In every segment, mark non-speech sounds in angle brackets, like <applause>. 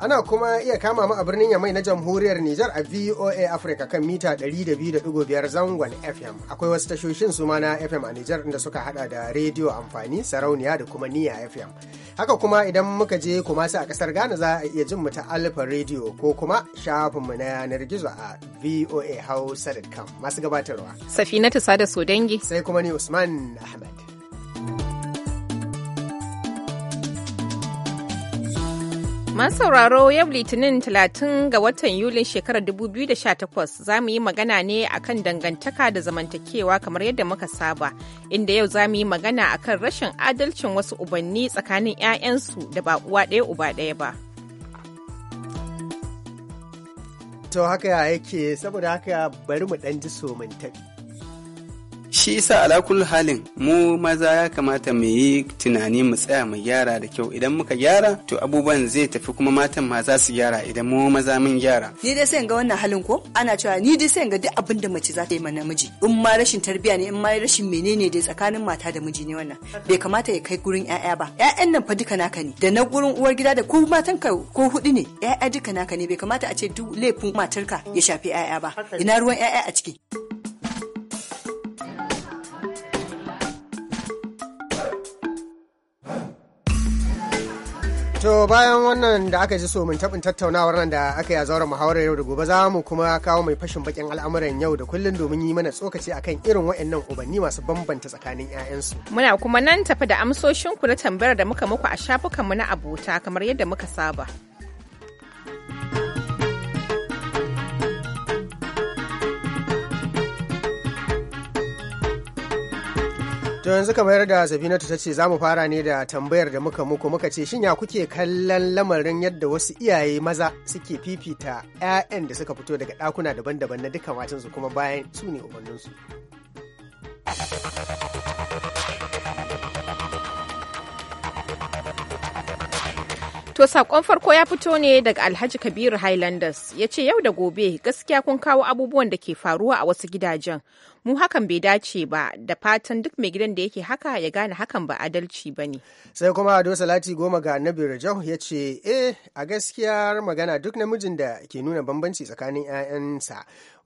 Ana kuma iya kama mu a birnin Yamai na Jamhuriyar Nijar a VOA Africa kan mita 200.5 zangon FM. Akwai wasu tashoshin su na FM a Nijar da suka hada da rediyo amfani, sarauniya da kuma niya FM. Haka kuma idan muka je kuma sai a kasar Ghana za a iya jin mu Alfa rediyo ko kuma shafin mu na yanar gizo a VOA voahausa.com. Masu gabatarwa. Safinatu Sada Sodangi. Sai kuma ni Usman Ahmed. sauraro yau litinin 30 ga watan yulin shekarar 2018 za mu yi magana ne akan dangantaka da zamantakewa kamar yadda muka saba inda yau za mu yi magana akan rashin adalcin wasu ubanni tsakanin 'ya'yansu da ba uwa ɗaya uba ɗaya ba. To haka yake saboda haka bari mu ɗan ji somin shi yasa alakul halin mu maza ya kamata mu yi tunani mu tsaya mu gyara da kyau idan muka gyara to abubuwan zai tafi kuma matan ma za su gyara idan mu maza mun gyara ni dai sai ga wannan halin ko ana cewa ni dai sai ga duk abin da mace za ta yi ma namiji in ma rashin tarbiya ne in ma rashin menene dai tsakanin mata da miji ne wannan bai kamata ya kai gurin ƴaƴa ba ƴaƴan nan fa duka naka ne da na gurin uwar gida da ko matan ka ko hudu ne ƴaƴa duka naka ne bai kamata a ce duk laifin matarka ya shafi ƴaƴa ba ina ruwan ƴaƴa a ciki To bayan wannan da aka ji so mun taɓin tattaunawar nan da aka yi a zauren muhawarar yau da gobe za mu kuma kawo mai fashin bakin al'amuran yau da kullun domin yi mana tsokaci akan irin wayannan ubanni masu bambanta tsakanin 'ya'yansu. Muna kuma nan tafi da amsoshinku na tambayar da muka muku a shafukanmu na abota kamar yadda muka saba. To yanzu kamar da Zabinatu ta ce za mu fara ne da tambayar da muka muku muka ce shin ya kuke kallon lamarin yadda wasu iyaye maza suke fifita 'ya'yan da suka fito daga ɗakuna daban-daban na duka su kuma bayan su ne umarninsu. To sakon farko ya fito ne daga Alhaji Kabiru Highlanders ya ce yau da gobe gaskiya kun kawo abubuwan da ke faruwa a wasu gidajen mu hakan bai dace ba da fatan duk mai gidan da yake haka ya gane hakan ba adalci ba ne sai kuma ado salati goma ga annabi rajau ya ce eh a gaskiyar magana duk namijin da ke nuna bambanci tsakanin 'ya'yansa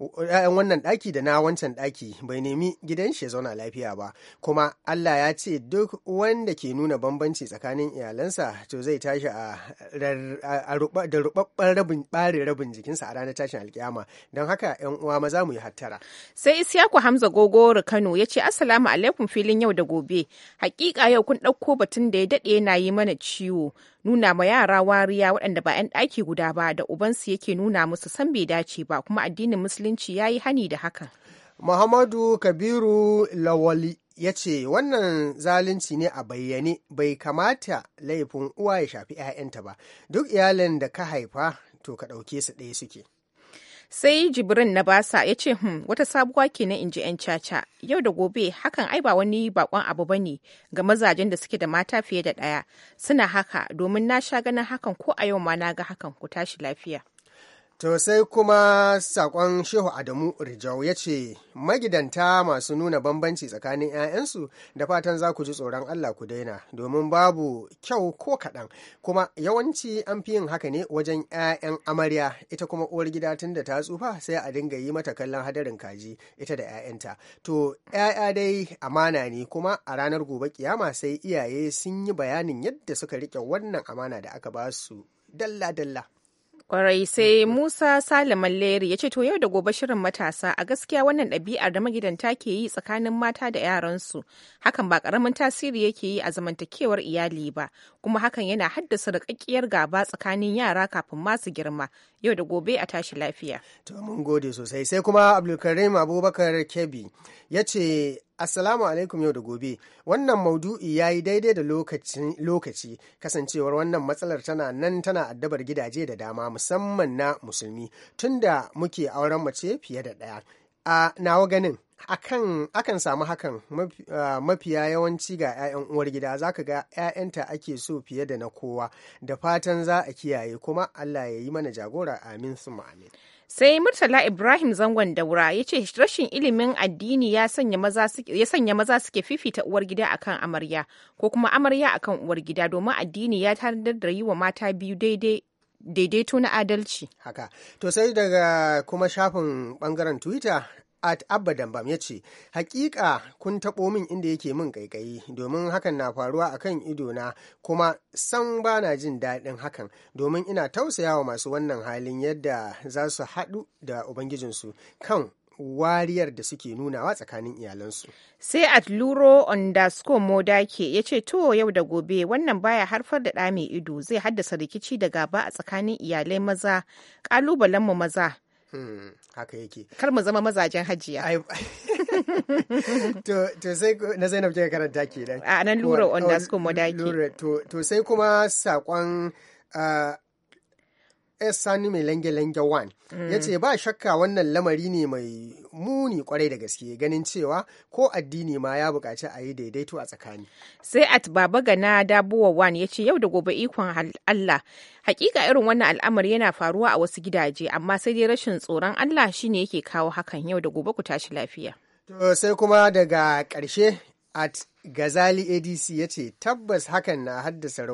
'ya'yan wannan ɗaki da na wancan ɗaki bai nemi gidan shi ya zauna lafiya ba kuma allah ya ce duk wanda ke nuna bambanci tsakanin iyalansa to zai tashi a da rubabban rabin ɓare rabin jikinsa a ranar tashin alkiyama don haka 'yan uwa maza mu yi hattara sai Isiyaku Hamza Gogoro Kano ya ce Assalamu alaikum filin yau da gobe. Hakika yau kun ɗauko batun da ya daɗe yana yi mana ciwo. Nuna ma yara wariya waɗanda ba 'yan ɗaki guda ba da ubansu yake nuna musu san bai dace ba kuma addinin musulunci ya yi hani da hakan. Muhammadu Kabiru Lawali ya ce wannan zalunci ne a bayyane bai kamata laifin uwa ya shafi 'ya'yanta ba duk iyalin da ka haifa to ka ɗauke su ɗaya suke. sai jibrin na basa ya ce hmm, wata sabuwa ke in inji 'yan caca yau da gobe hakan ai ba wani bakon abu ba ne ga mazajen da suke da mata fiye da ɗaya suna haka domin na sha ganin hakan ko a yau ma na ga hakan ku tashi lafiya To sai kuma sakon Shehu Adamu Rijau ya ce magidanta masu nuna bambanci tsakanin 'ya'yansu da fatan za ku ji tsoron Allah ku daina domin babu kyau ko kaɗan kuma yawanci an fi yin haka ne wajen 'ya'yan amarya ita kuma uwar gida tun da ta tsufa sai a dinga yi mata kallon hadarin kaji ita da 'ya'yanta. To 'ya'ya dai amana ne kuma a ranar gobe kiyama sai iyaye sun yi bayanin yadda suka riƙe wannan amana da aka ba su dalla-dalla. Kwarai sai Musa salaman leri ya ce to yau da gobe shirin matasa a gaskiya wannan ɗabi'ar da magidanta ke yi tsakanin mata da yaransu hakan ba ƙaramin tasiri yake yi a zamantakewar iyali ba kuma hakan yana haddasa rikakkiyar gaba tsakanin yara kafin masu girma yau da gobe a tashi lafiya. To mun gode sosai sai kuma Abdulkarim Abubakar kebbi ya ce Assalamu alaikum yau da gobe. Wannan maudu'i ya yi daidai da lokaci kasancewar wannan matsalar tana nan tana addabar gidaje da dama musamman na musulmi tunda muke auren mace fiye da ɗaya. A nawa ganin akan samu hakan mafiya yawanci ga 'ya'yan uwar gida za ka ga 'ya'yanta ake so fiye da na kowa da fatan za a kiyaye kuma Allah ya yi mana jagora amin suma amin. sai murtala ibrahim zangon daura ya ce rashin ilimin addini ya sanya maza suke fifita uwar gida akan amarya ko kuma amarya akan uwar gida domin addini ya tanadar da yi wa mata biyu daidai daidaito na adalci. Haka, to sai daga kuma shafin bangaren Twitter at abba dambam ya ce hakika kun taɓo min inda yake min ƙaiƙayi domin hakan na faruwa a kan idona kuma san ba na jin daɗin hakan domin ina tausayawa masu wannan halin yadda za su haɗu da ubangijinsu kan wariyar da suke nunawa tsakanin iyalansu. Sai at luro underscore ke ya ce to yau da gobe wannan baya harfar da ɗa mai ido zai haddasa rikici da gaba a tsakanin iyalai maza ƙalubalenmu maza Hmm, haka yake kar mu zama mazajen hajiya <laughs> to sai na zainab ke karanta kenan a nan lura on da su kuma to sai kuma sakon uh, S. Sani mai lange-lange wan mm. ya ce ba shakka wannan lamari ne mai muni kwarai da gaske ganin cewa ko addini ma ya buƙaci a yi daidaito a tsakani. Sai at baba gana dabuwa wan ya ce yau da gobe ikon Allah hakika irin wannan al'amari yana faruwa a wasu gidaje amma sai dai rashin tsoron Allah shine yake kawo hakan yau da gobe ku tashi lafiya. To sai kuma daga karshe. at Gazali ADC ya ce tabbas hakan na haddasa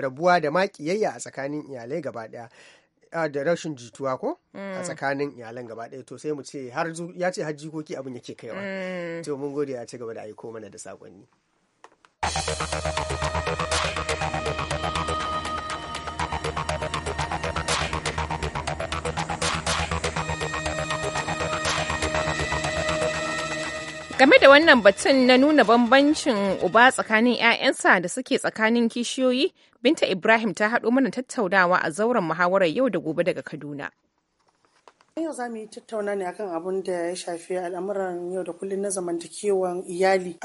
rabuwa da makiyayya a tsakanin iyalai gaba daya. da rashin jituwa ko a mm. tsakanin iyalan gaba daya to sai mu ce har ya ce har jikoki abin yake kaiwa mm. to mun gode ya ci gaba da aiko mana da saƙonni game da wannan batun na nuna bambancin uba tsakanin 'ya'yansa da suke tsakanin kishiyoyi binta ibrahim ta haɗo mana tattaunawa a zauren muhawarar yau da gobe daga kaduna Yau za mu yi tattauna ne akan abun da ya shafi al'amuran yau da kullum na zamantakewan iyali.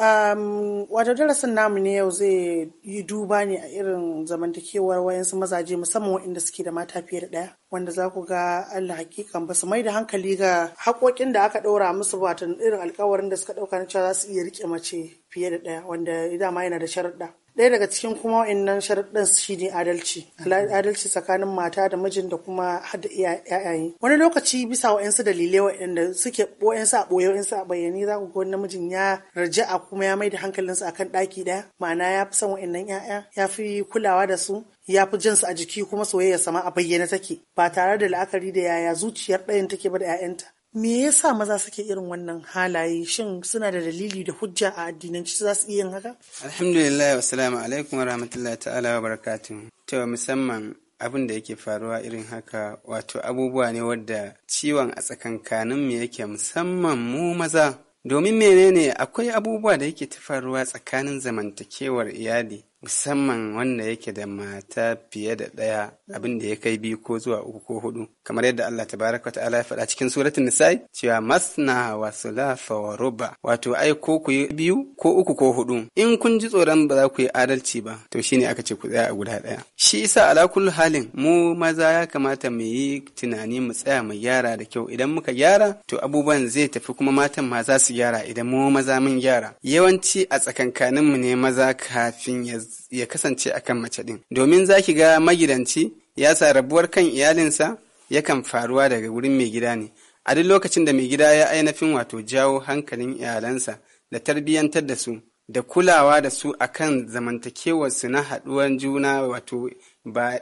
Wato darasin namu ne yau zai yi duba ne a irin zamantakewar wayansu mazaje musamman waɗanda suke da mata fiye da ɗaya. Wanda za ku ga Allah hakikan ba su mai da hankali ga haƙoƙin da aka ɗora musu ba irin alƙawarin da suka ɗauka na cewa za su iya riƙe mace fiye da ɗaya wanda dama yana da sharaɗa. ɗaya daga cikin kuma wa'annan sharaɗin shi ne adalci adalci tsakanin mata da mijin da kuma hada iyaye wani lokaci bisa wa'ansu dalilai wa'anda suke wa'ansu a ɓoye wa'ansu a bayyane za ku ga namijin ya a kuma ya mai da hankalinsa kan ɗaki ɗaya ma'ana ya fi son wa'annan 'ya'ya ya fi kulawa da su ya fi jinsu a jiki kuma soyayya sama a bayyana take ba tare da la'akari da yaya zuciyar ɗayan take ba da 'ya'yanta me yasa maza suke irin wannan halaye shin suna da dalili da hujja a addinanci za su iya yin haka alhamdulillah wa salamu alaikum wa rahmatullahi ta'ala wa barakatun. to musamman abin da yake faruwa irin haka wato abubuwa ne wadda ciwon a tsakankanin mu yake musamman mu maza domin menene akwai abubuwa da yake ta faruwa tsakanin zamantakewar iyali musamman wanda yake da mata fiye da ɗaya abin da ya kai biyu ko zuwa uku ko hudu kamar yadda Allah Ta ta ta'ala ya faɗa cikin suratun nisa'i cewa masna wa sulafa wa ruba wato ai ko ku yi biyu ko uku ko hudu in kun ji tsoron ba za ku yi adalci ba to shine aka ce ku tsaya a guda ɗaya shi isa ala kullu halin mu maza ya kamata mu yi tunani mu tsaya mu gyara da kyau idan muka gyara to abubuwan zai tafi kuma matan ma za su gyara idan mu maza mun gyara yawanci a tsakankaninmu ne maza kafin ya ya kasance akan mace ɗin. Domin za ki ga magidanci ya sa rabuwar kan iyalinsa yakan faruwa daga wurin mai gida ne. A duk lokacin da mai gida ya ainihin wato jawo hankalin iyalansa da tarbiyyantar da su da kulawa da su akan zamantakewarsu na haɗuwar juna wato ba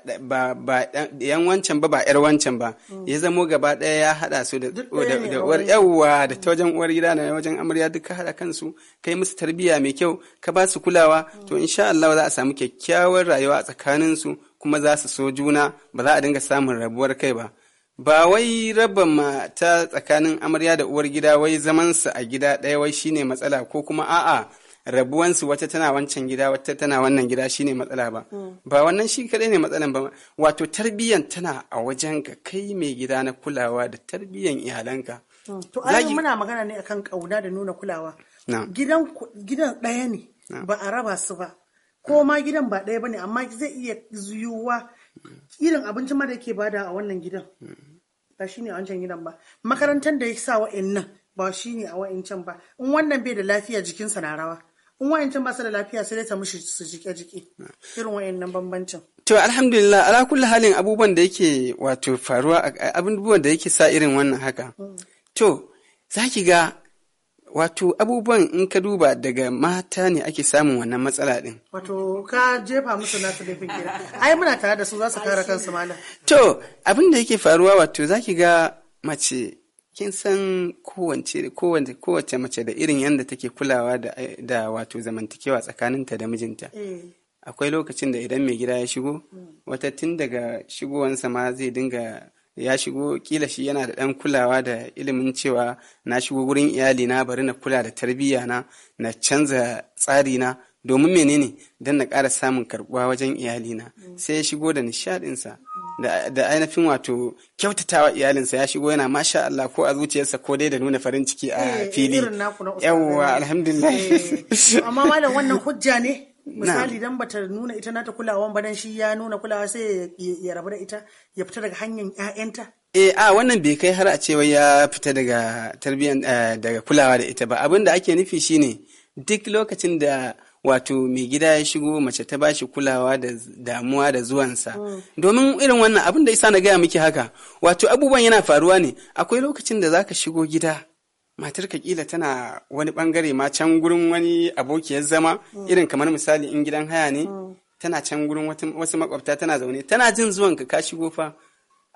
yan wancan ba ba yar wancan ba mm. ya zamo gaba ɗaya ya haɗa su da oh, uwar eh. yawwa da ta wajen uwar gida na wajen amarya duka haɗa kansu kai musu tarbiyya mai kyau ka ba su kulawa mm. to insha Allah za a samu kyakkyawar rayuwa a tsakanin su kuma za su so juna ba za a dinga samun rabuwar kai ba ba wai raba mata tsakanin amarya da uwar gida wai zamansa a gida ɗaya wai shine matsala ko kuma a'a rabuwansu wata tana wancan gida wata tana wannan gida shine matsala ba hmm. ba wannan shi kadai ne matsalan ba wato tarbiyyan tana a wajen ka kai mai gida na kulawa da tarbiyyan iyalanka hmm. to ai muna magana ne akan kauna da nuna kulawa gidan gidan ɗaya ne ba a raba su ba ko ma gidan ba ɗaya bane amma zai iya zuyuwa irin abincin ma da yake bada a wannan gidan hmm. ba shine a wancan gidan ba makarantar da ya sa wa'annan ba shine a wa'ancan ba in wannan bai da lafiya jikinsa na rawa in wayan can basu da lafiya sai dai ta mushi su jike-jike irin wayannan bambancin to alhamdulillah ala kulli halin abubuwan da yake wato faruwa abubuwan da yake sa irin wannan haka to zaki ga wato abubuwan in ka duba daga mata ne ake samun wannan matsala din. Wato ka jefa musu nasu laifin gida. Ai muna tare da su za su kare kansu malam. To abin da yake faruwa wato zaki ga mace kin san kowace kowace kowace mace da irin yadda take kulawa da, wato zamantakewa tsakaninta da mijinta eh. akwai lokacin da idan mai gida ya shigo hmm. wata tun daga shigowansa ma zai dinga ya shigo kila shi yana da ɗan kulawa da ilimin cewa na shigo gurin iyali na bari na kula da tarbiyya na na canza tsari na domin menene don na ƙara samun karbuwa wajen iyali na hmm. sai ya shigo da nishadinsa. Hmm. da ainihin wato kyautatawa iyalinsa ya shigo yana masha Allah ko a zuciyarsa ko dai da nuna farin ciki a eh, fili yawwa alhamdulillah eh, amma malam wannan hujja ne <laughs> misali dan bata nuna ita nata kulawa ba dan shi ya nuna kulawa sai ya rabu da ita ya fita daga hanyar ƴaƴanta eh a wannan bai kai har a cewa ya fita daga eh, daga kulawa da ita ba abin da ake nufi shine duk lokacin da wato mai gida ya shigo mace ta bashi kulawa da damuwa da zuwansa mm. domin irin wannan abin da isa na gaya miki haka wato abubuwan yana faruwa ne akwai lokacin da zaka shigo gida matar ka kila tana wani bangare ma can gurin wani abokiyar zama mm. irin kamar misali in gidan haya ne mm. tana can gurin wasu makwabta tana zaune tana jin zuwanka ka shigo fa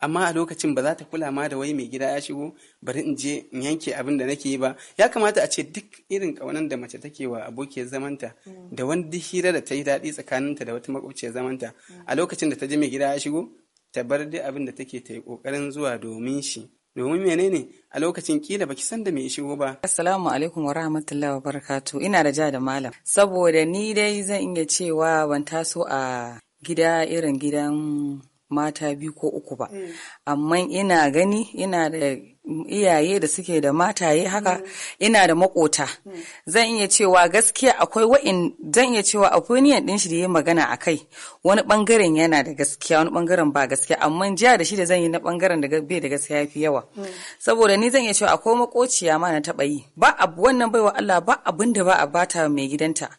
amma a lokacin ba za ta kula ma da wai mai gida ya shigo bari in je in yanke abin da nake yi ba ya kamata a ce duk irin kaunan da mace take wa abokiyar zamanta mm. da wani hira da ta yi daɗi tsakaninta da wata makwabciyar zamanta a lokacin da ta je mai gida ya shigo ta bar duk abin da take ta yi ƙoƙarin zuwa domin shi domin menene a lokacin kila baki san da me shigo ba. Assalamu alaikum wa rahmatullahi wa barakatu ina da ja da malam saboda ni dai zan iya cewa ban taso a gida irin gidan mata biyu ko uku ba mm. amma ina gani ina da iyaye da suke da mataye haka mm. ina da makota mm. zan iya cewa gaskiya akwai wa'in zan iya cewa opinion ɗin shi da ya magana a kai wani ɓangaren yana da gaskiya wani ɓangaren ba gaskiya amma jiya da shi da zan yi na ɓangaren da bai da gaskiya fi yawa saboda ni zan iya cewa akwai makociya ma na taɓa yi ba abu wannan baiwa Allah ba abin da ba a bata mai gidanta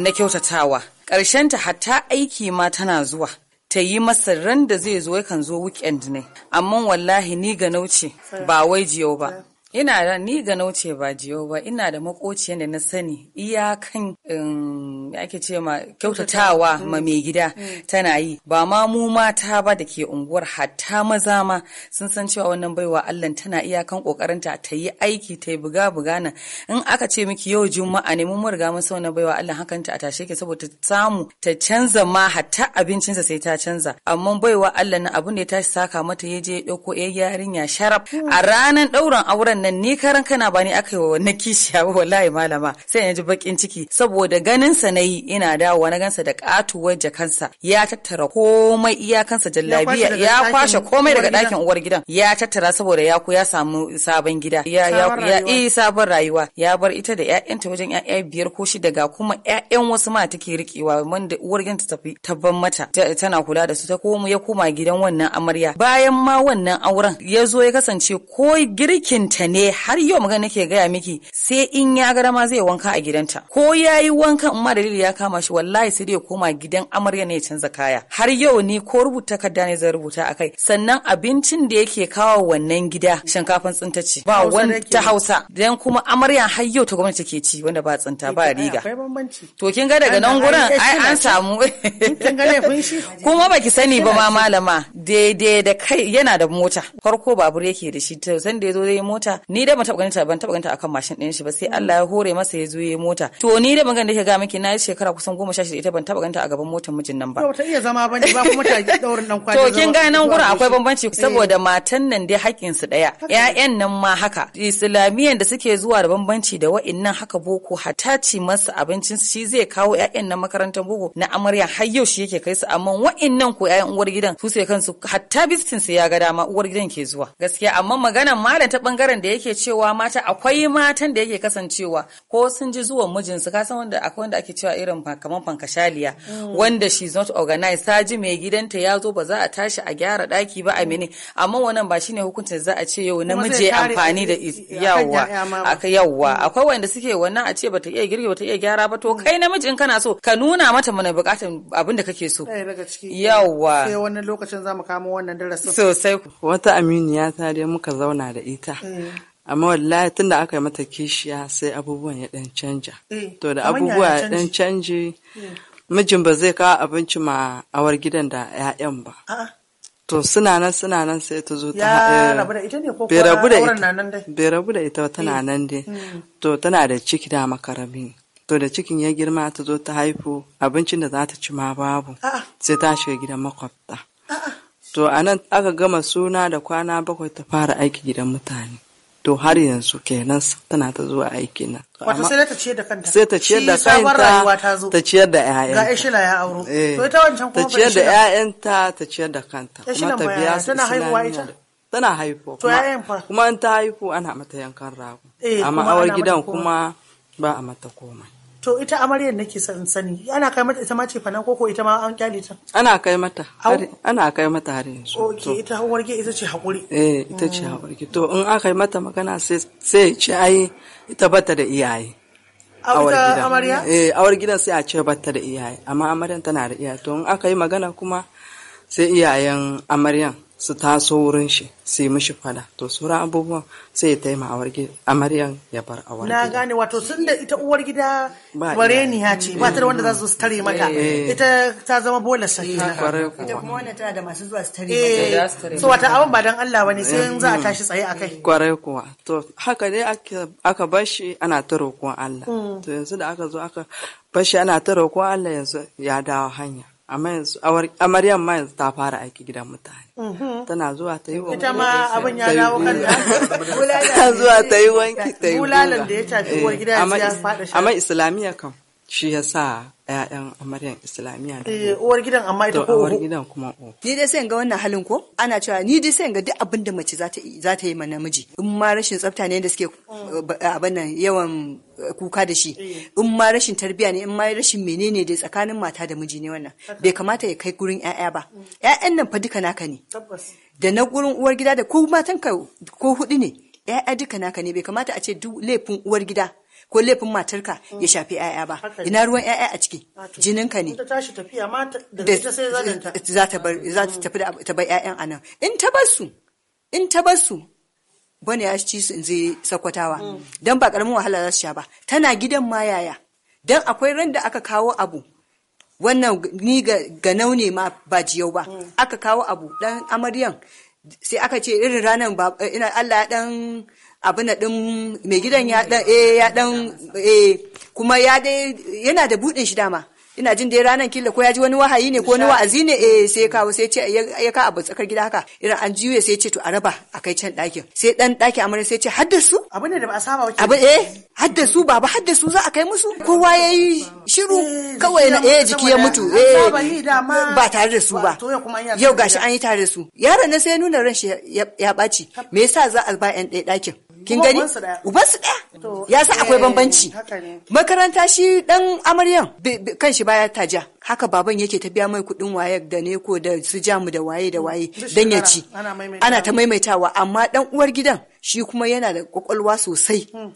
na kyautatawa ƙarshen ta hatta aiki ma tana zuwa ta yi masa ran da zai zo kan zo weekend ne amma wallahi ni ga nauce ba wai jiyau ba ina da ni ga nauce ba jiyo ba ina da makociyan da na sani iyakan um, ake ce ma kyautatawa ma mai gida mm. Mm. tana yi ba ma mu mata ba da ke unguwar hatta maza ma sun san cewa wannan baiwa Allah tana iyakan kokarinta ta yi aiki ta yi buga buga na in aka ce miki yau juma'a ne mun murga mun sauna baiwa Allah hakan ta tashe ki saboda ta samu ta canza ma hatta abincinsa sai ta canza amma baiwa Allah na abin da ya tashi saka mata ya je ya dauko ya yarinya sharaf mm. a ranar ɗaurin auren nan ni karan kana ba aka yi wa wannan kishiya ba wallahi malama sai na ji bakin ciki saboda ganin sa nayi ina dawowa na gansa da katuwar jakansa ya tattara komai iyakansa jallabiya ya kwashe komai daga dakin uwar gidan ya tattara saboda ya ku ya samu sabon gida ya ya eh, sabon rayuwa ya bar ita da ƴaƴanta wajen ƴaƴa biyar ko shida ga kuma ƴaƴan wasu ma take rikewa wanda uwar gidan ta tafi tabban mata tana kula da su ta komo ya koma gidan wannan amarya bayan ma wannan auren ya zo ya kasance ko girkin ta ne har yau magana nake gaya miki sai in ya ga ma zai wanka a gidanta ko ya yi wanka in ma dalili ya kama shi wallahi sai dai koma gidan amarya ne ya canza kaya har yau ni ko rubuta kadda ne zan rubuta akai sannan abincin da yake kawo wannan gida shinkafan tsintaci ba wani ta hausa dan kuma amarya har yau ta gwamnati ke ci wanda ba tsinta ba eh, riga to kin ga daga nan gurin ai an samu <laughs> kuma baki sani ba ma malama daidai da kai yana da mota farko babur yake da shi to san da yazo zai mota ni da ban taba ganin ta ban taba ganin ta akan mashin din shi ba sai Allah ya hore masa ya zo ya mota to ni da magana da ke ga miki na shekara kusan goma sha shida ita ban taba ganin ta a gaban motar mijin nan ba ba ta iya zama bane ba kuma ta daurin dan kwana to kin ga nan gura akwai bambanci saboda eh. matan nan dai hakkin su daya ƴaƴan nan ma haka islamiyan da suke zuwa da bambanci da wa'innan haka boko hata ci masa abincin shi zai kawo ƴaƴan nan makarantar boko na amarya har yau shi yake kai su amma wa'annan ko ƴaƴan uwar gidan su sai kansu hatta bisitin su ya ga dama uwar gidan ke zuwa gaskiya amma maganan malam ta bangaren da yake cewa mata akwai matan da yake kasancewa ko sun ji zuwan mijinsu ka san wanda akwai wanda ake cewa irin kamar fankashaliya mm. wanda she's not organized ta ji mai gidanta ya zo ba za a tashi a gyara daki ba a mini amma wannan ba shine hukuncin za a ce yau namiji amfani da yawwa aka yawwa akwai wanda suke wannan a ce bata iya girki bata iya gyara ba to mm. kai namijin kana so ka nuna mata mana bukatan abin da kake so yawwa sai wannan lokacin zamu kamo wannan darasin sosai wata aminiya ta dai muka zauna da ita mm. amma wallahi tun da aka yi mata kishiya sai abubuwan ya dan canja eh, to da abubuwa ya dan canji eh. mijin ba zai kawo abinci ma awar gidan da 'ya'yan ba to suna nan suna nan sai ta zo ta rabu da ita ne ko rabu da ita bai tana eh. nan dai hmm. to tana da ciki da makarami to da cikin ya girma ta zo ta haifu abincin da za ta ci ma babu sai ta shiga gidan makwabta to anan aka gama suna da kwana bakwai ta fara aiki gidan mutane to har yanzu kenan tana ta zuwa aiki na. Wato sai ta ciyar da kanta. Sai ta ciyar da kanta. Ta ciyar da ƴaƴanta. Ga Ishila ya auro. Eh, to ita wancan kuma ta ciyar da ƴaƴanta ta ciyar da kanta. Kuma ta biya su tana haihuwa ita. Tana haihuwa. To ƴaƴan fa. Kuma in ta haihu ana mata yankan rago. Eh, Amma awar gidan kuma ba a mata komai. To ita amaryar nake son sani. Ana kai mata ita ma ce fana koko ita ma an kyale ta. Ana kai mata. Ana kai mata har yanzu. Okay, ita hawarge ita ce hakuri. Eh, ita ce hawarge. To in aka yi mata magana sai sai ce ai ita bata da iyaye. Awar gidan. Amarya? Eh, awar gida sai a ce bata da iyaye, amma amaryan tana da iyaye. To in aka yi magana kuma sai iyayen amaryan su taso wurin shi su yi mishi fada to sauran abubuwan sai ya taima amaryan ya bar a wani na gane wato sun da ita uwar gida bareniya ce ba ta da wanda za su tare mata eh, eh, eh. ita ta zama bola sakina ita kuma wanda tana da masu zuwa su tare mata so wata abin ba dan Allah bane sai in za a mm. tashi tsaye akai kwarai kuwa to haka dai aka bar shi ana ta roƙon Allah mm. to yanzu da aka zo aka bar shi ana ta roƙon Allah yanzu ya dawo hanya a Maryam ma yanzu ta fara aiki gidan mutane mm-hmm. tana zuwa ta yi wanki ita ma abin ya dawo kan da zuwa ta yi wanki ta yi da ya tafi uwar ya fada shi amma islamiyya kan. shi ya sa 'ya'yan amaryan islamiyya da eh, uwar gidan amma ita ko uwar gidan kuma o ni dai sai ga wannan halin ko ana cewa ni dai sai ga duk abin da mace za ta za ta yi ma namiji in ma rashin tsafta ne da suke mm. eh, abin nan yawan eh, kuka da shi in ma rashin tarbiyya, ne in ma rashin menene dai tsakanin mata da miji ne wannan bai kamata ya kai gurin 'ya'ya ba mm. 'ya'yan nan fa duka naka ne da na gurin uwar gida da ko matan ka ko hudu ne 'ya'ya duka naka ne bai kamata a ce duk laifin uwar gida ko laifin matarka ya shafi 'ya'ya ba ina ruwan 'ya'ya a ciki jininka ne mm. za ta tafi ta bar 'ya'yan anan in ta bar su in ta bar su bane ya ci su in zai sakwatawa mm. Don ba karamin wahala za su sha ba tana gidan ma yaya don akwai ran da aka kawo abu wannan ni ga naune ma ba jiyau ba mm. aka kawo abu dan amaryan sai aka ce irin ranar eh, ina Allah ya dan abin din mai gidan ya dan eh ya dan eh kuma ya dai yana da budin shi dama ina jin dai ranar killa ko ya ji wani wahayi ne ko wani wa'azi ne eh sai ya kawo sai ce ya ka abu tsakar gida haka irin an jiyo sai ce to a raba a kai can ɗakin sai ɗan ɗakin amarya sai ce haddasu abin da ba a saba wace abin eh haddasu baba haddasu za a kai musu kowa ya yi shiru kawai na eh jiki ya mutu eh ba tare da su ba yau gashi an yi tare da su yaron nan sai ya nuna ran shi ya ɓaci me yasa za a ba 'yan ɗaya ɗakin kin gani ubansu ɗaya ya sa akwai eh, bambanci makaranta shi dan amaryan kan shi baya taja haka baban yake ta biya mai kuɗin waye da ne ko da su jamu da waye da waye dan ya ci ana ta maimaitawa amma dan uwar gidan shi kuma yana da kwakwalwa sosai hmm.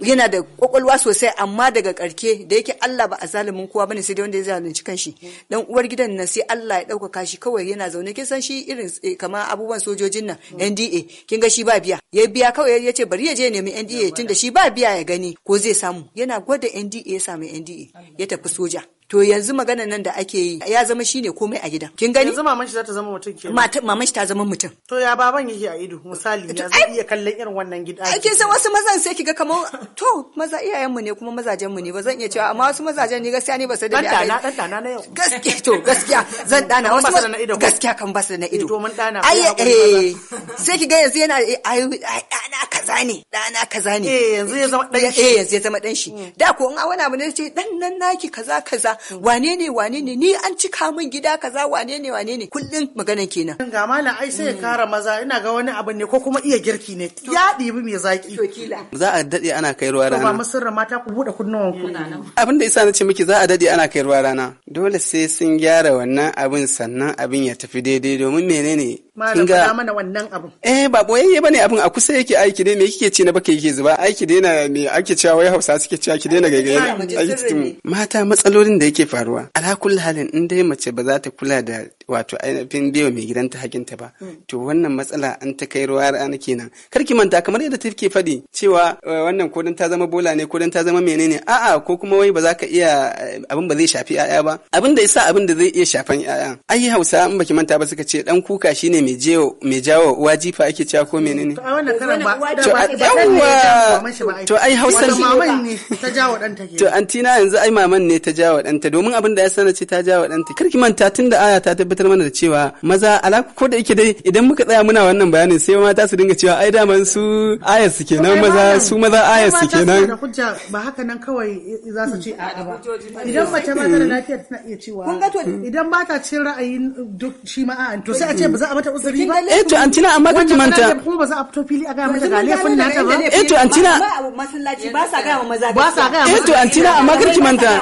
yana da kwakwalwa sosai amma daga karke da yake Allah ba a zalimin kowa bane sai dai wanda ya zalunci kanshi mm. dan uwar gidan nan sai Allah ya ɗaukaka shi kawai yana zaune kin san shi irin eh, kamar abubuwan sojojin nan mm. NDA kin ga shi ba biya ya biya kawai ya ce bari ya je nemi NDA tunda shi ba biya ya gani ko zai samu yana gwada NDA ya samu NDA ya tafi soja to yanzu magana nan da ake yi ya zama shine komai a gida kin gani yanzu maman shi za ta zama mutum ke maman shi ta zama mutum to ya baban yake a ido misali ya zai iya kallon irin wannan gida ai kin san wasu mazan sai kiga kamar to maza iyayen mu ne kuma mazajen mu ne ba zan iya cewa amma wasu mazajen ne gaskiya ne ba su da dan dana dan dana na yau gaskiya to gaskiya zan dana wasu gaskiya kan ba su da na eh, ido to mun dana ai eh sai kiga yanzu yana ai dana kaza ne ɗana kaza ne eh yanzu ya zama dan shi eh yanzu ya zama ɗan shi mm. da ko in a wani abu ne ce 'Dan nan naki kaza kaza mm. wane ne wane ne ni an cika min gida kaza wane ne wane ne kullum maganan kenan ga malam ai sai ya mm. kara maza ina ga wani abu ne ko kuma iya girki ne ya dibi mai zaki za a daɗe ana kai ruwa rana ba musirra mata ku buɗe kunnuwan ku abin da isa na miki za a daɗe ana kai ruwa rana dole sai sun gyara wannan abin sannan abin ya tafi daidai domin menene kin ga mana wannan abin eh ba boyayye bane abin a kusa yake aiki ne me kike ci na baka yake zuba Aiki ki daina me ake cewa wai Hausa suke cewa ki daina gaigaye mata matsalolin da yake faruwa ala halin in dai mace ba za ta kula da wato ainihin biyo mai gidanta hakinta ba hmm. to wannan matsala an ta kai ruwa rana kenan kar ki manta kamar yadda take faɗi cewa eh, wannan ko dan ta zama bola ne ko dan ta zama menene a'a ko kuma wai ba za ka iya eh, abin ba zai shafi 'ya'ya ba abin da yasa abin da zai iya shafan 'ya'ya ai hausa in baki manta ba suka ce dan kuka shine mai jewo mai jawo wajifa jifa ake cewa ko menene to a wannan karan ba to ai hausa ne ta jawo danta ke to antina yanzu ai maman ne ta jawo ta domin abin da ya sana ce ta jawo ta kar ki manta tunda aya ta tabbata tabbatar mana da cewa maza ala ko da yake dai idan muka tsaya muna wannan bayanin sai mata su dinga cewa ai daman su ayas su kenan maza su maza ayas su kenan da hujja ba haka nan kawai za su ce a'a ba idan mace ba ta da lafiya tana iya cewa kun ga to hmm. idan ba ta cin ra'ayin duk shi ma a'a to sai a ce ba za a mata uzuri ba eh to antina amma kake manta kuma ba za a fito fili a ga mata ga na ta ba eh to antina masallaci ba sa ga maza ba sa ga eh to antina amma kake manta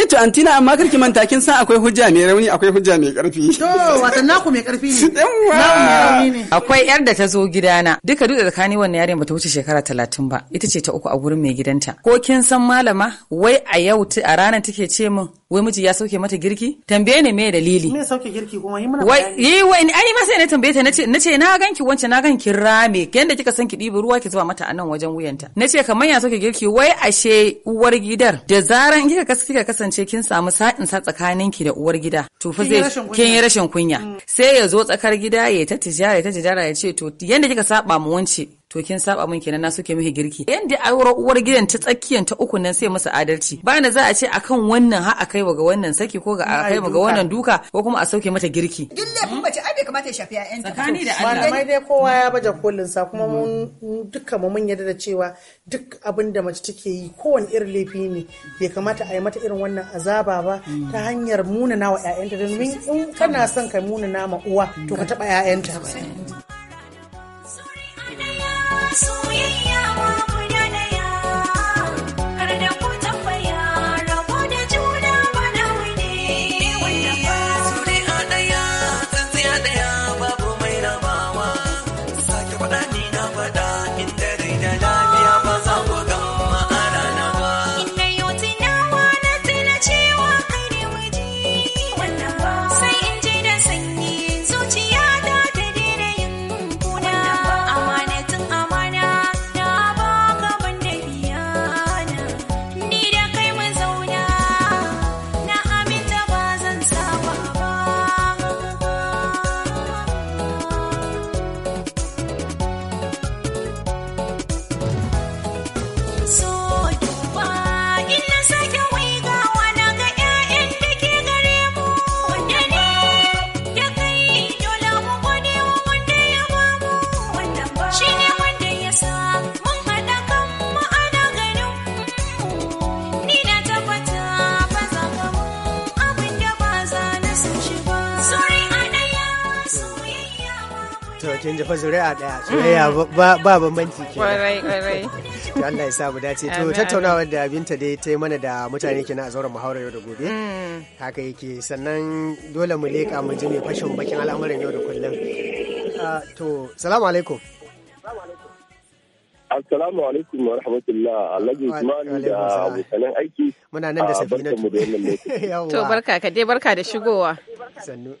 eh to antina amma kake manta kin san akwai hujja mai rauni akwai hujja mai karfi karfi to wasan naku mai karfi ne <laughs> yawa akwai yar da ta zo gidana duka duk da tsakanin wannan yaren bata wuce shekara talatin ba ita ce ta uku a gurin mai gidanta ko kin san malama wai a yau a ranar take ce min wai miji ya sauke mata girki tambaye ne me dalili me sauke girki kuma yi mana wai yi wai ni ai ma sai na tambaye ta nace nace na ganki wance na ganki rame yanda kika san ki dibi ruwa ki zuba mata a nan wajen wuyanta nace kamar ya sauke girki wai ashe uwar gidar da zaran kika kika kasance kin samu sa'in sa tsakaninki da uwar gida to fa zai kin yi rashin kunya mm. sai ya zo tsakar gida ya ta tijara ya ta tijara ya ce to yadda kika saba mu wance to kin saba min kenan na suke miki girki yanda aure uwar gidan ta tsakiyan ta uku nan sai masa adalci bana za a ce akan wannan ha kai ga wannan saki ko ga kai ga wannan duka ko kuma a sauke mata girki duk laifin mace ai bai kamata ya shafi ƴaƴan tsakani da Allah mai dai kowa ya baje kullun sa kuma mun mm-hmm. dukkan mu mun yarda da cewa duk abin da mace take yi kowane irin laifi ne bai kamata a yi mata irin wannan azaba ba mm. ta hanyar munana wa ƴaƴanta domin in kana son ka munana ma uwa to ka taba ƴaƴanta soyayya ba mutum jafa zuri'a daya zuri'a ba bambanci ke kwarai kwarai <laughs> Allah ya sa dace to tattaunawar da binta dai ta yi mana da mutane kenan a zauren muhawara yau da gobe mm. haka yake sannan dole mu leƙa mu ji mai fashin bakin al'amuran yau da kullum ah, to salamu alaikum Assalamu alaikum wa rahmatullah Alhaji Usman da abokanan aiki. Muna nan da ah, safina <laughs> To barka ka dai barka da shigowa. Sannu.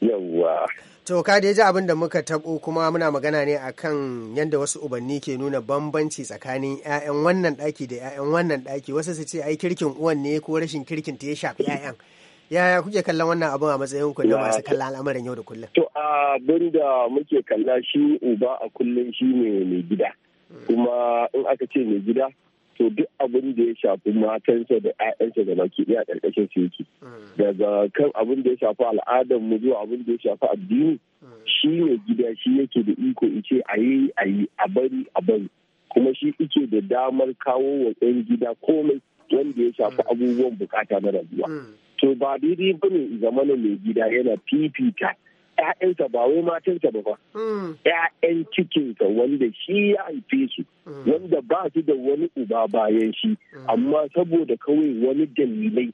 Yawwa. To ka da ji abin da muka taɓo kuma muna magana ne akan yadda wasu ubanni ke nuna bambanci tsakanin 'ya'yan wannan ɗaki da 'ya'yan wannan ɗaki wasu su ce ai kirkin uwan ne ko rashin kirkin ta ya shafi 'ya'yan. Yaya kuke kallon wannan abin a matsayin ku da masu kallon al'amarin yau da kullum? To abin da muke kalla shi uba a kullum shi ne mai gida. Hmm. Kuma in aka ce mai gida to duk abin da ya shafi matansa da 'ya'yansa da baki ɗaya ƙarƙashin su yake daga kan abin da ya shafi al'adar mu zuwa abin da ya shafi addini shi ne gida shi yake da iko ice a yi a yi a bari a bari kuma shi ike da damar kawo wa 'yan gida komai wanda ya shafi abubuwan bukata na rayuwa mm. to ba daidai ba ne zamanin mai gida yana fifita 'ya'yansa ba wai matansa ba ba mm. yayan cikinsa wanda shi ya haife su mm. wanda ba su da wani uba bayan shi mm. amma saboda kawai wani dalilai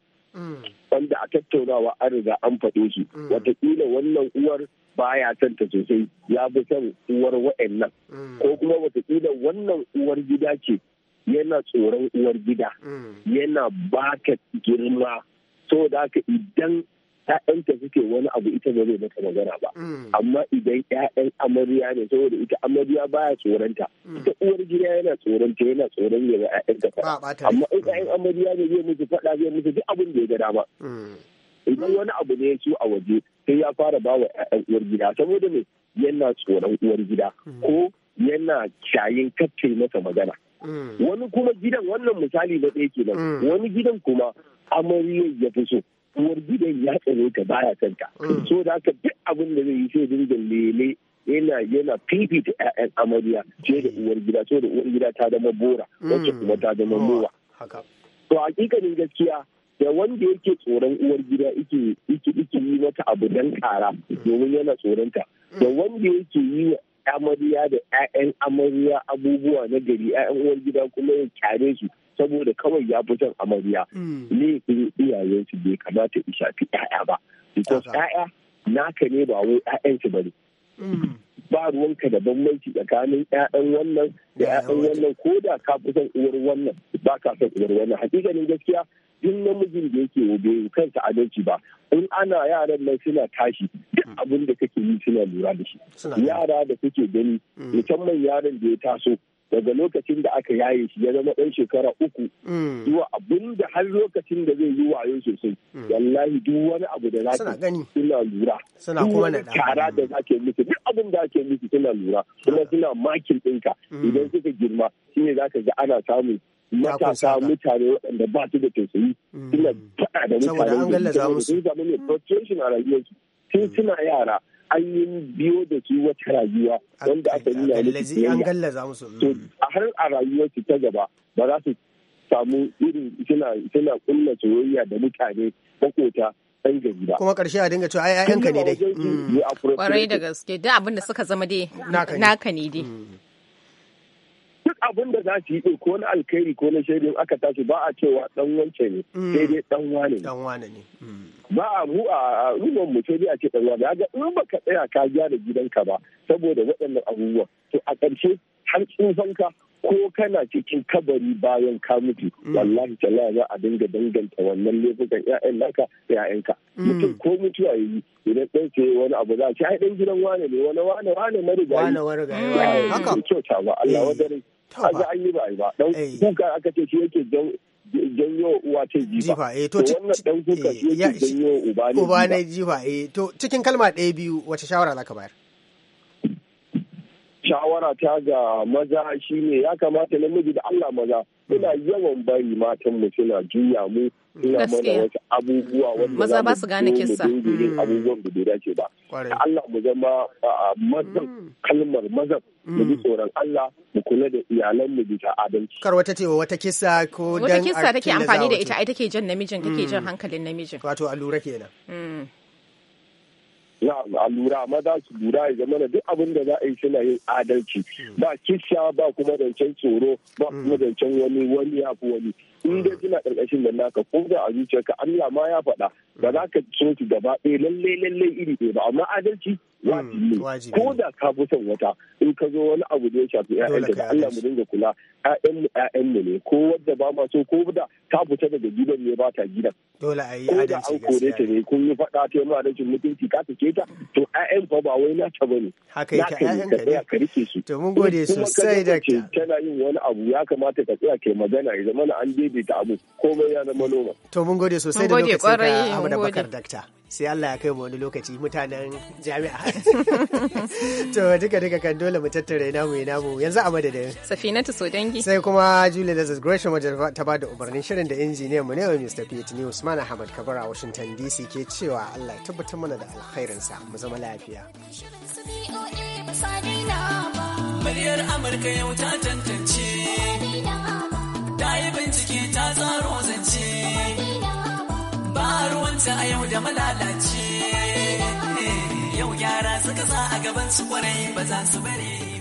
wanda a tattaunawa an riga an faɗo su wataƙila wannan uwar baya son ta sosai ya fi son uwar wayannan ko kuma wataƙila wannan uwar gida ce yana tsoron uwar gida yana baka girma da haka idan 'ya'yanta suke wani abu ita ba zai mata magana ba mm. amma idan 'ya'yan amarya ne saboda ita amarya baya tsoronta mm. ita uwar gida yana tsoronta yana tsoron ya ga 'ya'yanta amma in 'ya'yan amarya ne zai musu faɗa zai musu duk abin da ya ga dama mm. idan wani abu ne ya so a waje sai ya fara ba wa uwar gida saboda me yana tsoron uwar gida ko yana shayin kacce masa magana wani kuma gidan wannan misali na ɗaya kenan wani gidan kuma amaryar ya fi so uwar gidan ya tsare ka baya son ka mm. so da haka duk abin da zai yi sai dinga lele yana yana fifita ƴaƴan amarya ce da uwar gida so da uwar gida ta zama bora wacce mm. kuma ta zama oh, mowa to hakikanin gaskiya da wanda yake tsoron uwar gida yake yi mata abu dan kara domin yana tsoron ta. da mm. wanda yake yi wa amarya da 'ya'yan amarya abubuwa na gari 'ya'yan uwar gida kuma ya kyare su saboda kawai ya fi son amarya hmm. ne iyayen su bai kamata in shafi ƴaƴa ba because ƴaƴa naka ne ba wai ƴaƴan ba bane hmm. ba ruwanka da bambanci tsakanin ƴaƴan wannan da ƴaƴan wannan ko da ka fi son uwar wannan ba ka son uwar wannan hakikanin gaskiya duk namijin da yake bai kansa adalci ba in ana yaran nan suna tashi duk hmm. abin da kake yi suna lura da shi yara da kake gani musamman yaran da ya taso daga lokacin da aka yaye shi ya zama ɗan shekara uku mm. zuwa abin da har lokacin da zai yi wayo sosai mm. wallahi duk wani abu da za ka suna lura suna kuma da tara da za ke miki duk abin da ake miki suna lura kuma mm. suna makin ɗinka idan suka girma shine za ka ga ana samun matasa mutane waɗanda ba su da tausayi suna faɗa da mutane da sun samu ne frustration a rayuwarsu sun suna yara an yi biyo da su wata rayuwa wanda aka nuna musu mm. a har a su ta gaba ba za su samu irin suna kulla soyayya da mutane makota ɗan gari ba. Kuma ƙarshe a dinga cewa ai 'ya'yanka ne dai. Ƙwarai mm. da gaske, da abin da suka zama dai naka ne dai. Mm. abin da za su yi ko na alkhairi ko na shaidu aka tashi ba a cewa dan wance ne mm. sai dai dan wane ne dan wane ne mm. ba a mu a ruwan mu sai dai a ce dan wane ga in baka tsaya ka gyara gidanka ba saboda waɗannan abubuwa to a ƙarshe har tsufanka ko kana cikin kabari bayan ka mutu mm. wallahi tallahi za a dinga danganta wannan laifukan ƴaƴan naka da ƴaƴanka mutum ko mutuwa yi idan ɗan ce wani abu za a ce ai ɗan gidan wane ne wani wane wane marigayi wane marigayi haka ba Allah eh. wadarin kaga an yi ba ba dan eh. kuka aka ce shi yake janyo uwa ce jifa eh to wannan kuka eh, shi yake janyo uba ne uba ne jifa eh to cikin kalma ɗaya biyu wace shawara zaka bayar shawara ta ga maza shine ya kamata namiji da Allah maza suna yawan bari matan mu suna juya mu suna mana wasu abubuwa wanda maza ba su gane kissa mm. abubuwan da bai dace ba ta Allah mu zama mazan mm. kalmar mazan mu bi mm. tsoron Allah mu kula da iyalan mu bisa adalci kar wata ce wata kissa ko dan wata kissa take amfani da ita ai take jan namijin take jan hankalin namijin wato allura kenan na allura amma za su lura ya zama duk abin da za a yi suna yin adalci ba kissa ba kuma zancen tsoro ba kuma zancen wani wani ya fi wani in dai kina karkashin nan naka ko da a zuciyarka Allah ma ya faɗa ba za ka so ki gaba ɗaya lalle lalle iri ɗaya ba amma adalci Hmm, wajibi ko da ka son wata in ka zo wani abu da ya shafi ƴaƴanta da Allah mu dinga kula ƴaƴan mu ƴaƴan mu ne ko wadda ba ma so ko da ta fita daga gidan ne ba ta gidan dole a yi adalci ko da an kore ta ne kun yi faɗa ta ma rashin mutunci ka take ta to ƴaƴan fa ba wai nata bane haka yake ƴaƴan ka ka rike su to mun gode sosai da ka tana yin wani abu ya kamata ka tsaya kai magana ya zama an daidaita abu komai ya zama noma to mun gode sosai da lokacin ka Abu Bakar Dakta sai Allah ya kai mu wani lokaci mutanen jami'a <laughs> to duka duka kan dole mu tattare namu ya namu yanzu a madadin safinatu dangi sai kuma julie lazarus gresham wajen ta bada umarnin shirin da injiniyan mu ne mr pete ni usman ahmad kabar a washington dc ke cewa Allah ya tabbatar mana da alkhairinsa mu zama lafiya Muryar Amurka yau ta tantance, ta yi bincike ta tsaro zance. ba ruwanta a yau da malalace eh, yau yara suka sa a gaban su kwarai ba za su bari